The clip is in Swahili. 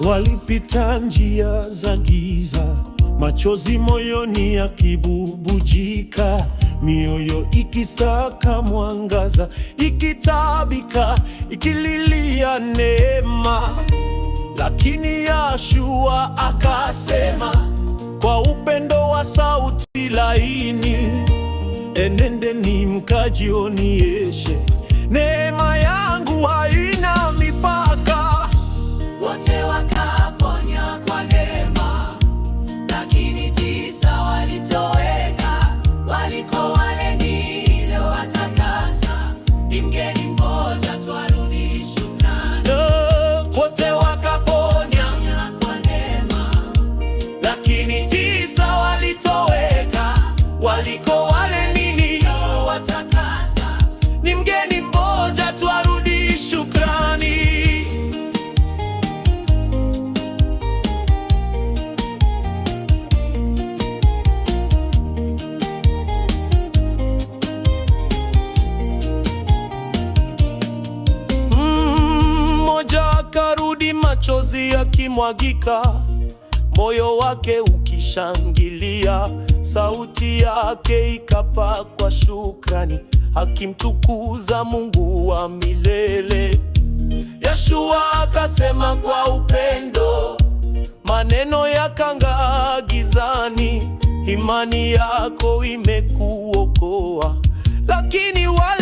Walipita njia za giza, machozi moyoni yakibubujika, mioyo ikisaka mwangaza, ikitabika, ikililia neema. Lakini Yahshua akasema kwa upendo wa sauti laini, enendeni mkajionyeshe Yeah. alirudi, machozi yakimwagika, moyo wake ukishangilia, sauti yake ikapakwa shukrani, akimtukuza Mungu wa milele. Yeshua akasema kwa upendo, maneno yakang'aa gizani, imani yako imekuokoa, lakini wale